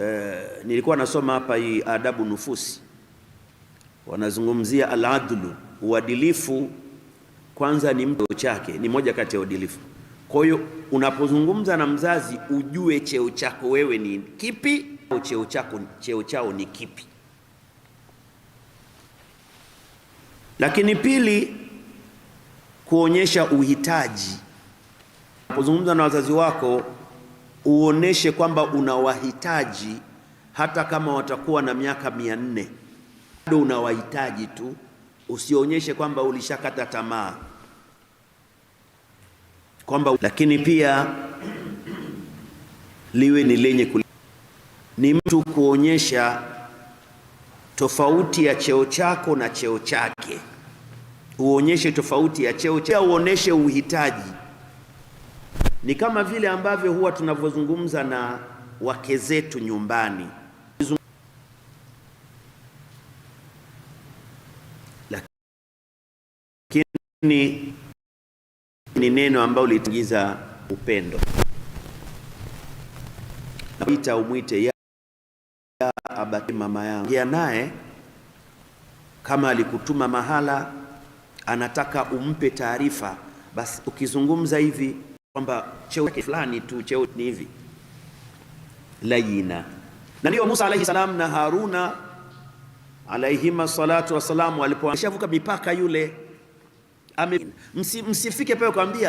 Eh, nilikuwa nasoma hapa hii adabu nufusi, wanazungumzia aladlu, uadilifu. Kwanza ni mtu chake ni moja kati ya uadilifu. Kwa hiyo unapozungumza na mzazi ujue cheo chako wewe ni kipi au cheo chako cheo chao ni kipi. Lakini pili, kuonyesha uhitaji unapozungumza na wazazi wako uoneshe kwamba unawahitaji hata kama watakuwa na miaka mia nne bado unawahitaji tu, usionyeshe kwamba ulishakata tamaa kwamba. Lakini pia liwe ni lenye kul... ni mtu kuonyesha tofauti ya cheo chako na cheo chake, uonyeshe tofauti ya cheo chako, uoneshe uhitaji ni kama vile ambavyo huwa tunavyozungumza na wake zetu nyumbani, lakini ni neno ambalo litangiza upendo ita umwite ya, ya abati mama yangu ya naye, kama alikutuma mahala anataka umpe taarifa, basi ukizungumza hivi kwamba cheo chake fulani tu, cheo ni hivi laina. Na ndio Musa alayhi salam na Haruna alayhima salatu wassalam walipoashavuka mipaka yule, msifike msi pale kuambia